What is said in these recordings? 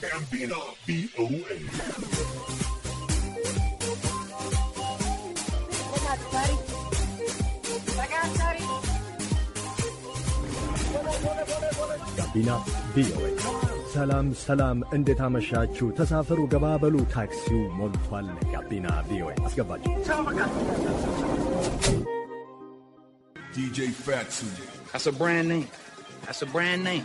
ጋቢና ቪኦኤ ጋቢና ቪኦኤ። ሰላም ሰላም፣ እንዴት አመሻችሁ? ተሳፈሩ፣ ገባበሉ፣ ታክሲው ሞልቷል። ጋቢና ቪኦኤ አስገባችሁ። That's a brand name. That's a brand name.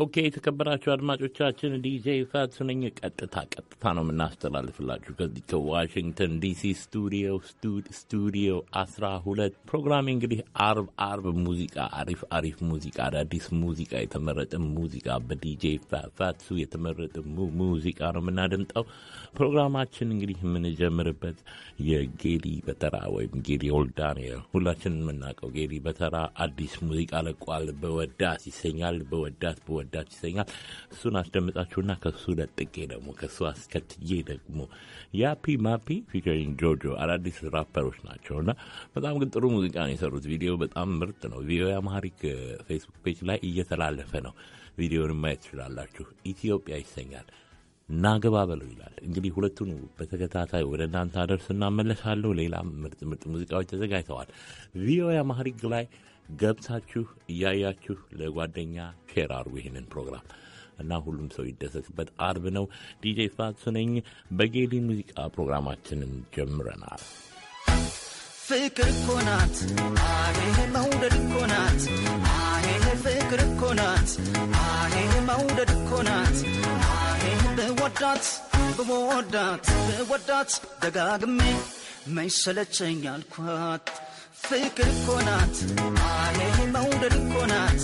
ኦኬ፣ የተከበራችሁ አድማጮቻችን ዲጄ ፋትሱ ነኝ። ቀጥታ ቀጥታ ነው የምናስተላልፍላችሁ ከዚህ ከዋሽንግተን ዲሲ ስቱዲዮ ስቱዲዮ አስራ ሁለት ፕሮግራሜ እንግዲህ አርብ አርብ ሙዚቃ አሪፍ አሪፍ ሙዚቃ አዳዲስ ሙዚቃ የተመረጠ ሙዚቃ በዲጄ ፋትሱ የተመረጠ ሙዚቃ ነው የምናደምጠው። ፕሮግራማችን እንግዲህ የምንጀምርበት የጌሊ በተራ ወይም ጌሊ ኦልዳን ሁላችን የምናውቀው ጌሊ በተራ አዲስ ሙዚቃ ለቋል። በወዳት ይሰኛል። በወዳት በወዳት ይሰኛል። እሱን አስደምጣችሁና ከሱ ለጥቄ ደግሞ ከሱ አስከትዬ ደግሞ ያፒ ማፒ ፊቸሪንግ ጆጆ አዳዲስ ራፐሮች ናቸውና በጣም ግን ጥሩ ሙዚቃ ነው የሰሩት። ቪዲዮ በጣም ምርጥ ነው። ቪዲዮ የአማሪክ ፌስቡክ ፔጅ ላይ እየተላለፈ ነው። ቪዲዮን ማየት ትችላላችሁ። ኢትዮጵያ ይሰኛል። ናገባ በሉ ይላል። እንግዲህ ሁለቱን በተከታታይ ወደ እናንተ አደርስ እናመለሳለሁ። ሌላም ምርጥ ምርጥ ሙዚቃዎች ተዘጋጅተዋል። ቪኦኤ አማሪክ ላይ ገብታችሁ እያያችሁ ለጓደኛ ሼር አድርጉ ይህንን ፕሮግራም እና ሁሉም ሰው ይደሰትበት። አርብ ነው። ዲጄ ፋትሱ ነኝ። በጌሊ ሙዚቃ ፕሮግራማችንን ጀምረናል። ፍቅር እኮ ናት አሄ መውደድ እኮ ናት አሄ ፍቅር እኮ ናት አሄ መውደድ እኮ ናት አሄ ብወዳት ብወዳት ብወዳት ደጋግሜ መይሰለቸኝ አልኳት ፍቅር እኮ ናት አሄ መውደድ እኮ ናት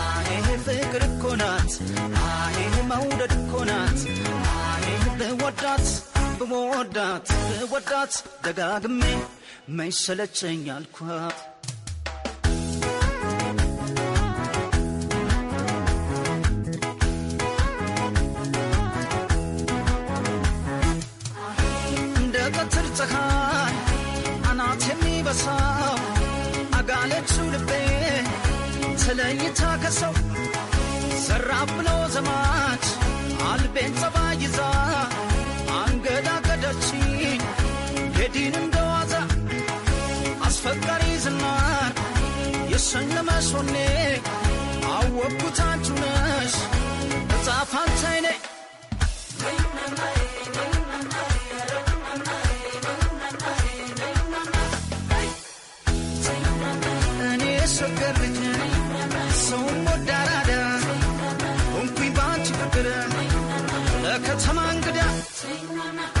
አሄ ፍቅር እኮ ናት አሄ መውደድ እኮ ናት አሄ ብወዳት ብወዳት ብወዳት ደጋግሜ መይሰለቸኝ አልኳት ተለይታ ከሰው ሰራ ብሎ ዘማች አልቤን ጸባ ይዛ አንገዳገደችኝ የዲን እንደዋዛ አስፈቃሪ ዝናር የሸለመሽ ሆኔ አወቅኩት አንቺ ነሽ እጣ ፈንታዬ ነይ i በከተማ እንግዳ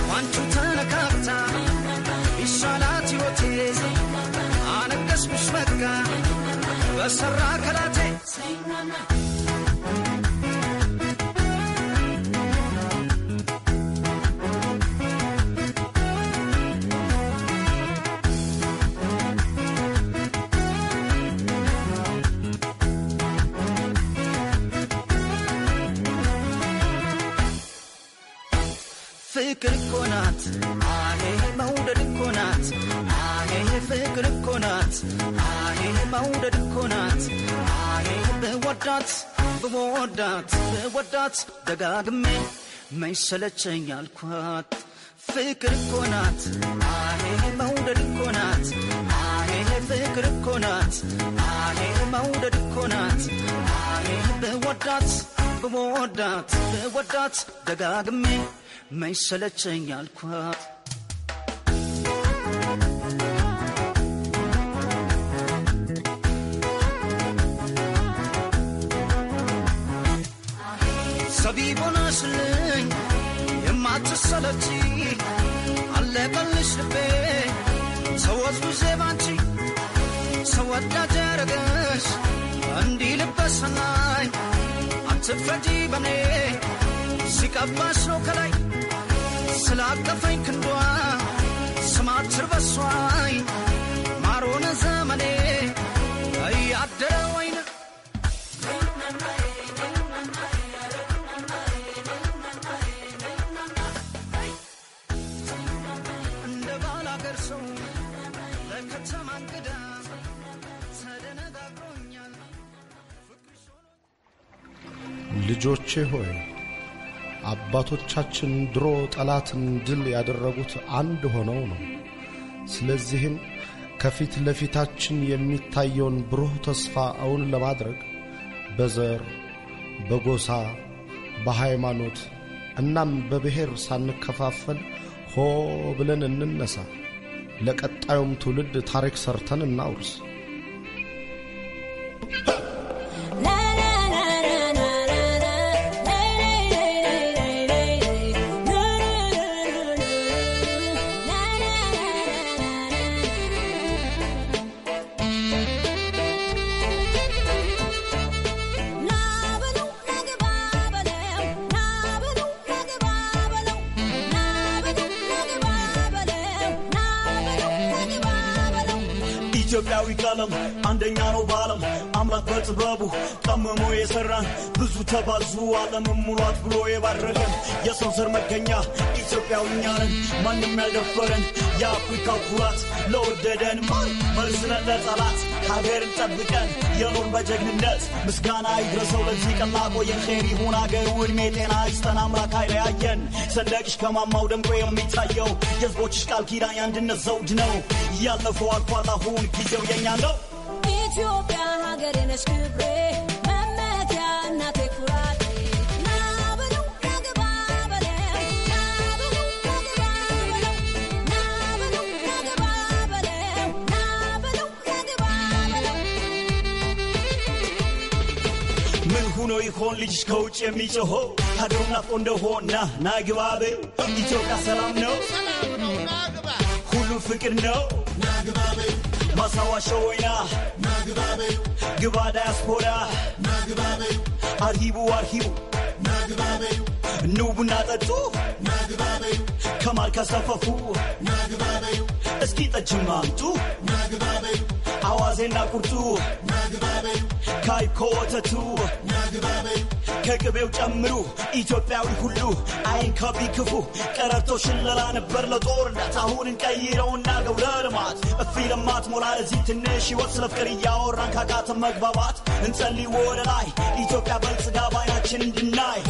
ዋንቹ ተነካክታ ይሻላት ሕይወቴ አነገስኩሽ በቃ በሰራ ከላቴ እኮ ናት አሄ መውደድ እኮ ናት አሄ ፍቅር እኮ ናት አሄ መውደድ እኮ ናት አሄ ብወዳት ብወዳት ብወዳት ደጋግሜ መይሰለቸኝ አልኳት ፍቅር እኮ ናት አሄ መውደድ እኮ ናት አሄ ፍቅር እኮ ናት አሄ መውደድ እኮ ናት አሄ ብወዳት ብወዳት ብወዳት ደጋግሜ መይሰለቸኝ አልኳት ሰቢብ ሆነሽልኝ የማትሰለች አለቀልሽ ልቤ ሰዎች ብዙ ባንቺ ሰወዳጅ ያረገሽ እንዲህ ልበሰናኝ አትፈጂ በኔ ሲቀባሽ ነው ከላይ ስላቀፈኝ ክንዷ ስማችር በሷይ ማሮነ ዘመኔ እያደረ ወይነ እንደ ባል አገር ሰው ለከተማ እንግዳ ልጆቼ ሆይ አባቶቻችን ድሮ ጠላትን ድል ያደረጉት አንድ ሆነው ነው። ስለዚህም ከፊት ለፊታችን የሚታየውን ብሩህ ተስፋ እውን ለማድረግ በዘር፣ በጎሳ፣ በሃይማኖት እናም በብሔር ሳንከፋፈል ሆ ብለን እንነሳ። ለቀጣዩም ትውልድ ታሪክ ሰርተን እናውርስ። ኢትዮጵያዊ ቀለም አንደኛ ነው በዓለም አምላክ በጥበቡ ጠምሞ የሰራን ብዙ ተባዙ ዓለምን ሙሏት ብሎ የባረገን የሰው ዘር መገኛ ኢትዮጵያውኛ ነን ማንም ያልደፈረን የአፍሪካ ኩራት ለወደደን ማን መርዝነን ለጠላት ሀገርን ጠብቀን የኖር በጀግንነት ምስጋና ይድረሰው ለዚህ ቀላቆ የኼር ይሁን አገሩ ዕድሜ ጤና ይስጠን አምላክ ያየን ሰንደቅሽ ከማማው ደምቆ የሚታየው የህዝቦችሽ ቃል ኪዳን የአንድነት ዘውድ ነው እያለፈው አልፏል አሁን ጊዜው የኛ ነው። ኢትዮጵያ ሀገሬ ነሽ ክብሬ መመኪያ ሆኖ ይሆን ልጅሽ ከውጭ የሚጮሆ ሀገሩ ናፍቆ እንደሆና ናግባ ኢትዮጵያ ሰላም ነው፣ ሁሉም ፍቅር ነው፣ ናግባ Masawashoya, Nagabe, Gibada Spora, Nagabe, Arhibu, Arhibu, Nagabe. ኑ ቡና ጠጡ ከማር ካሳፈፉ እስኪ ጠጅም አምጡ አዋዜና ቁርጡ ካይ ከወተቱ ከቅቤው ጨምሩ ኢትዮጵያዊ ሁሉ አይን ከቢ ክፉ ቀረርቶ ሽለላ ነበር ለጦርነት አሁን እንቀይረውና ገው ለልማት እፊ ለማት ሞላ ለዚህ ትንሽ ሕይወት ስለ ፍቅር እያወራን ካቃተን መግባባት እንጸልይ ወደ ላይ ኢትዮጵያ በልጽጋ ባይናችን እንድናይ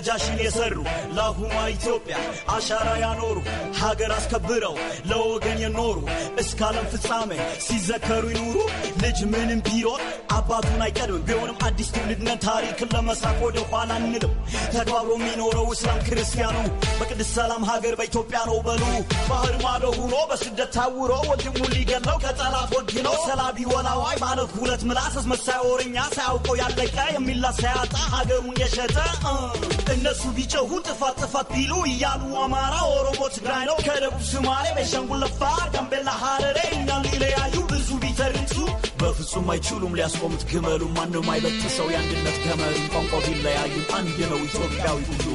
ነጃሽን የሰሩ ለአሁኗ ኢትዮጵያ አሻራ ያኖሩ ሀገር አስከብረው ለወገን የኖሩ እስካለም ፍጻሜ ሲዘከሩ ይኑሩ። ልጅ ምንም ቢሮን አባቱን አይቀድምም። ቢሆንም አዲስ ትውልድ ነን። ታሪክን ለመሳቅ ወደ ኋላ አንልም። ተግባብሮ የሚኖረው እስላም ክርስቲያኑ በቅድስት ሰላም ሀገር በኢትዮጵያ ነው በሉ። ባህር ማዶ ሁኖ በስደት ታውሮ ወንድሙ ሊገለው ከጠላት ወግነው ሰላቢ ወላዋይ ማለት ሁለት ምላስ አስመሳይ ወረኛ ሳያውቀው ያለቀ የሚላ ሳያጣ ሀገሩን የሸጠ እነሱ ቢጨሁ ጥፋት ጥፋት ቢሉ እያሉ አማራ፣ ኦሮሞ፣ ትግራይ ነው ከደቡብ ሶማሌ፣ ቤንሻንጉል፣ አፋር፣ ጋምቤላ፣ ሀረሬ እኛን ሊለያዩ ብዙ ቢተርንሱ በፍጹም አይችሉም ሊያስቆሙት ግመሉ። ማንም አይበጥ ሰው የአንድነት ገመሉ። ቋንቋ ቢለያዩ አንድ ነው ኢትዮጵያዊ ሁሉ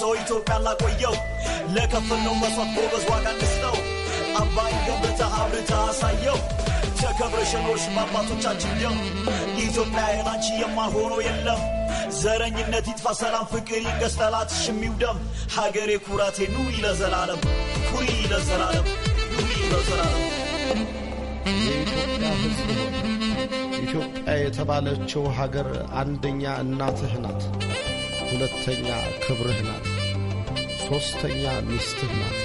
ሰው ኢትዮጵያን ላቆየው ለከፈልነው መስዋዕት ጎበዝ ዋጋ እንስጠው። አባይ ገብተህ አብርተህ አሳየው። ተከብረሽ ኖርሽ በአባቶቻችን ደም። ኢትዮጵያ ያላንቺ የማሆነው የለም። ዘረኝነት ይጥፋ፣ ሰላም ፍቅር ይንገስ፣ ጠላትሽ የሚውደም። ሀገሬ ኩራቴ፣ ኑሪ ለዘላለም፣ ኩሪ ለዘላለም፣ ኑሪ ለዘላለም። ኢትዮጵያ የተባለችው ሀገር አንደኛ እናትህ ናት፣ ሁለተኛ ክብርህ ናት። ሦስተኛ ሚስትህ ናት።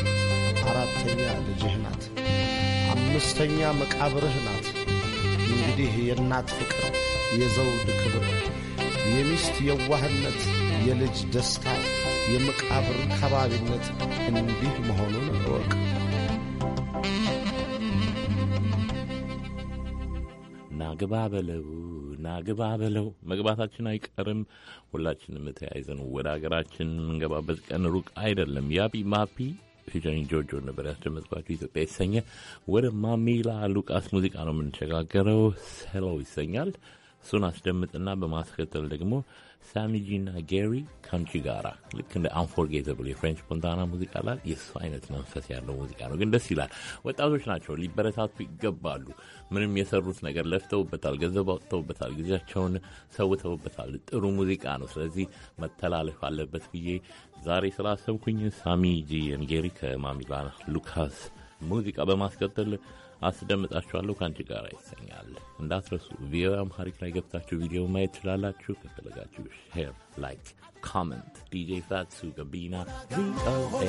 አራተኛ ልጅህ ናት። አምስተኛ መቃብርህ ናት። እንግዲህ የእናት ፍቅር፣ የዘውድ ክብር፣ የሚስት የዋህነት፣ የልጅ ደስታ፣ የመቃብር ከባቢነት እንዲህ መሆኑን እወቅ። ናግባ በለው ና ግባ በለው መግባታችን አይቀርም። ሁላችንም ተያይዘን ወደ ሀገራችን የምንገባበት ቀን ሩቅ አይደለም። ያቢ ማፒ ፊቸሪንግ ጆጆ ነበር ያስደመጥኳቸው ኢትዮጵያ የተሰኘ ወደ ማሚላ ሉቃስ ሙዚቃ ነው የምንሸጋገረው። ሰለው ይሰኛል። እሱን አስደምጥና በማስከተል ደግሞ ሳሚጂና ጌሪ ከንቺ ጋራ ልክ እንደ አንፎርጌተብል የፍሬንች ፖንታና ሙዚቃ ላል የእሱ አይነት መንፈስ ያለው ሙዚቃ ነው፣ ግን ደስ ይላል። ወጣቶች ናቸው፣ ሊበረታቱ ይገባሉ። ምንም የሰሩት ነገር ለፍተውበታል፣ ገንዘብ አውጥተውበታል፣ ጊዜያቸውን ሰውተውበታል። ጥሩ ሙዚቃ ነው። ስለዚህ መተላለፍ አለበት ብዬ ዛሬ ስላሰብኩኝ ሳሚጂ ጌሪ ከማሚላ ሉካስ ሙዚቃ በማስከተል አስደምጣችኋለሁ ከአንቺ ጋር ይሰኛል። እንዳትረሱ ቪኦኤ አምሃሪክ ላይ ገብታችሁ ቪዲዮ ማየት ትችላላችሁ። ከፈለጋችሁ ሼር፣ ላይክ፣ ኮመንት ዲጄ ፋትሱ ገቢና ቪኦኤ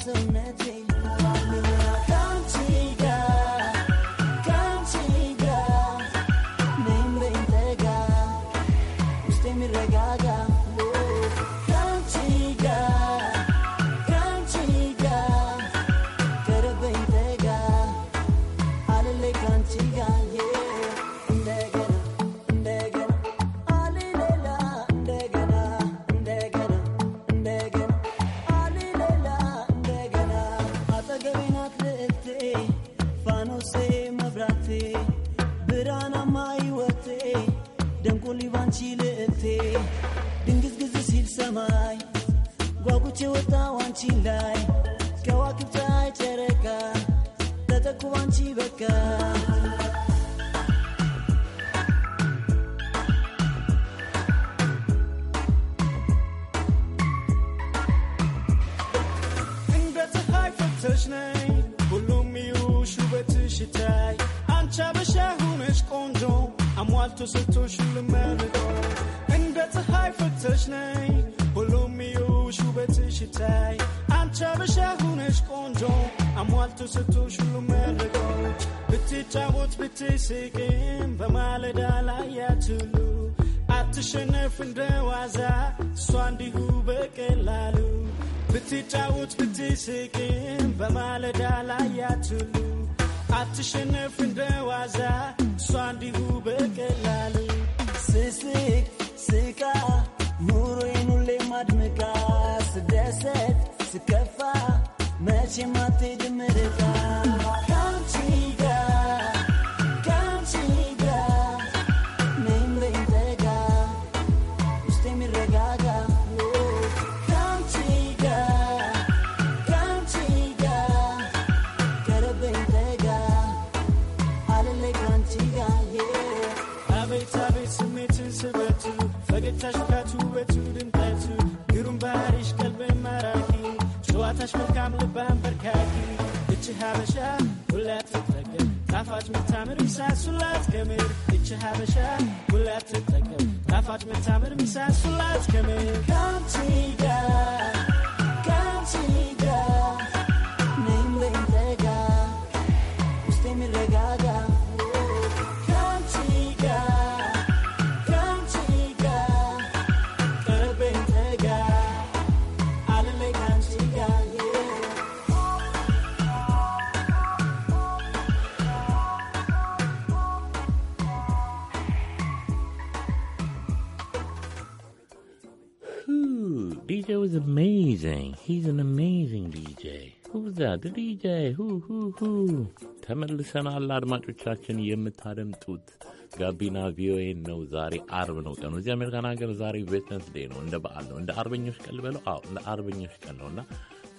corazonetti. ያበሻሽ ነይ ሁሉም ይዩሽ ውበትሽ ይታይ አንቺ አበሻ ሁነሽ ቆንጆ አሟልቶ ሰጥቶሽ ሁሉም እንደ ፀሐይ ፍተሽ ነይ ሁሉም ይዩሽ ውበትሽ ይታይ አንቺ አበሻ ሁነሽ ቆንጆ አሟልቶ ሰጥቶሽ ሁሉም መርቆ ብትጫወት ብትስቅም በማለዳ ላይ ያትሉ አትሸነፍ እንደ ዋዛ እሷ እንዲሁ በቀላሉ ብትጫወት ብትስቅም በማለዳ ላይ ያትሉ አትሸነፍ ዋዛ እሷ እንዲሁ በቀላል ስስቅ ስቃ ኑሮዬን ሁሌም ማድመቃ ስደሰት ስከፋ መቼም አትሄድም ርቃ DJ was amazing. He's an amazing DJ. Who's that? The DJ. Who, who, who? ተመልሰናል አድማጮቻችን፣ የምታደምጡት ጋቢና ቪኦኤ ነው። ዛሬ አርብ ነው ቀኑ እዚህ አሜሪካን ሀገር ዛሬ ቬተንስ ዴይ ነው። እንደ በዓል ነው። እንደ አርበኞች ቀን ልበለው? አዎ እንደ አርበኞች ቀን ነው እና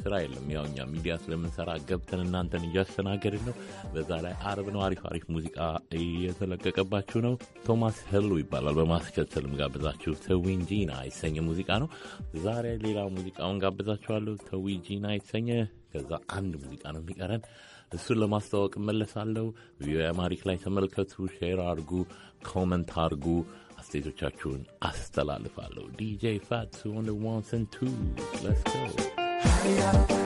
ስራ የለም። ያው እኛ ሚዲያ ስለምንሰራ ገብተን እናንተን እያስተናገድን ነው። በዛ ላይ አርብ ነው። አሪፍ አሪፍ ሙዚቃ እየተለቀቀባችሁ ነው። ቶማስ ህሉ ይባላል። በማስከተልም ጋብዛችሁ ተዊንጂና የተሰኘ ሙዚቃ ነው። ዛሬ ሌላ ሙዚቃውን ጋብዛችኋለሁ። ተዊጂና የተሰኘ ከዛ አንድ ሙዚቃ ነው የሚቀረን እሱን ለማስተዋወቅ እመለሳለሁ። ቪኦኤ አማሪክ ላይ ተመልከቱ፣ ሼር አርጉ፣ ኮመንት አርጉ፣ አስተያየቶቻችሁን አስተላልፋለሁ። ዲጄ ፋትስ ኦን ዋንስን ቱ ለስ Yeah.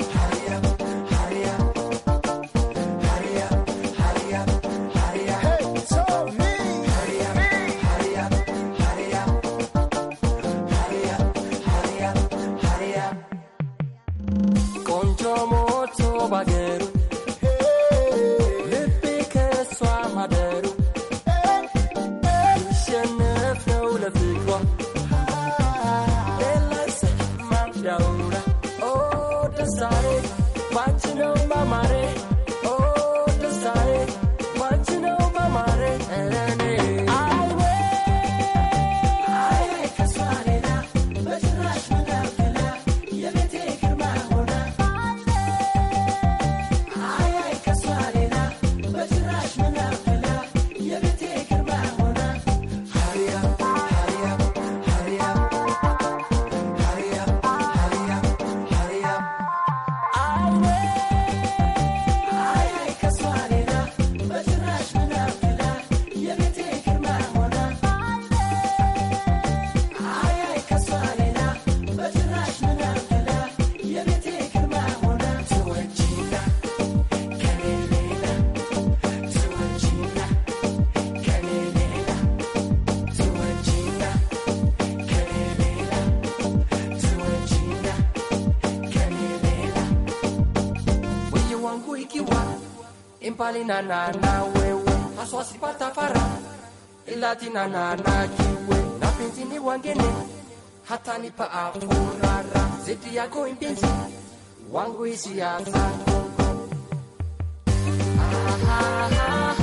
walinana na wewe haswa sipata faraja ila tinana na kiwe na penzi ni wangene hata nipa afurara zidi yako impenzi wangu hisia zako ah, ah, ah,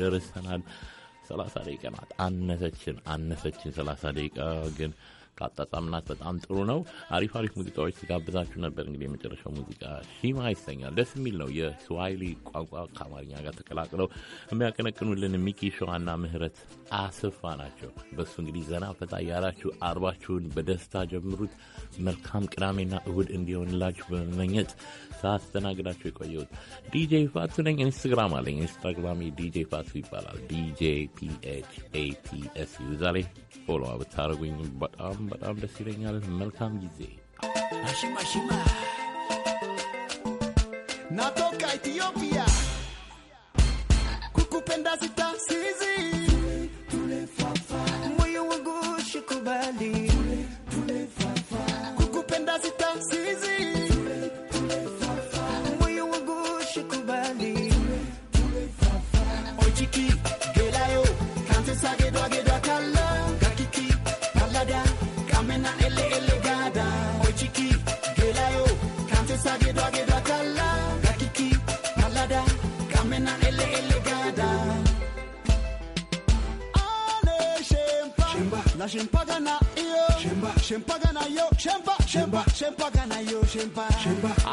ደርሰናል። ሰላሳ ደቂቃ ናት አነሰችን አነሰችን ሰላሳ ደቂቃ ግን ከአጣጣምናት በጣም ጥሩ ነው። አሪፍ አሪፍ ሙዚቃዎች ሲጋብዛችሁ ነበር። እንግዲህ የመጨረሻው ሙዚቃ ሺማ ይሰኛል። ደስ የሚል ነው። የስዋይሊ ቋንቋ ከአማርኛ ጋር ተቀላቅለው የሚያቀነቅኑልን ሚኪ ሸዋና ምህረት አስፋ ናቸው። በእሱ እንግዲህ ዘና ፈታ እያላችሁ አርባችሁን በደስታ ጀምሩት። መልካም ቅዳሜና እሁድ እንዲሆንላችሁ በመመኘት ሳስተናግዳችሁ የቆየሁት ዲጄ ፋቱ ነኝ። ኢንስትግራም አለኝ። ኢንስታግራሚ ዲጄ ፋቱ ይባላል። ዲጄ ፒኤች ኤ ቲ ኤስ ፎሎ ብታደረጉኝ በጣም በጣም ደስ ይለኛል። መልካም ጊዜ። አሽማሽማ natoka Ethiopia kukupenda sita sizi moyo wangu shikubali Shempa gana yo, shempa, shempa, shempa gana yo, shempa. Shempa.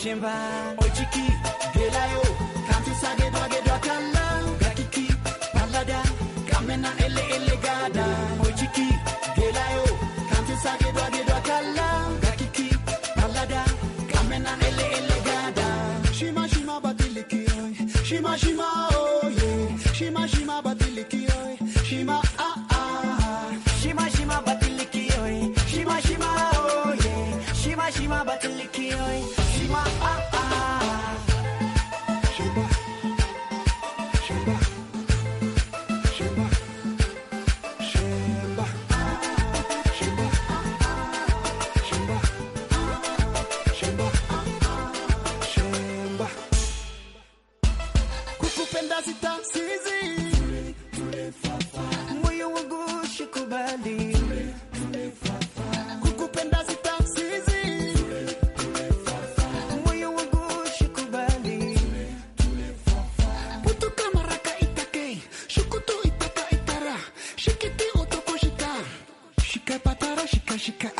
Shimba, Ochiki, Gelayo, Kanti Sage Bage kala, Gakiki, Palada, Kamena Ele Ele Gada, Ochiki, Gelayo, Kanti Sage Bage kala, Gakiki, Palada, Kamena Ele Ele Gada, Shima Shima Batiliki, Shima Shima. mágica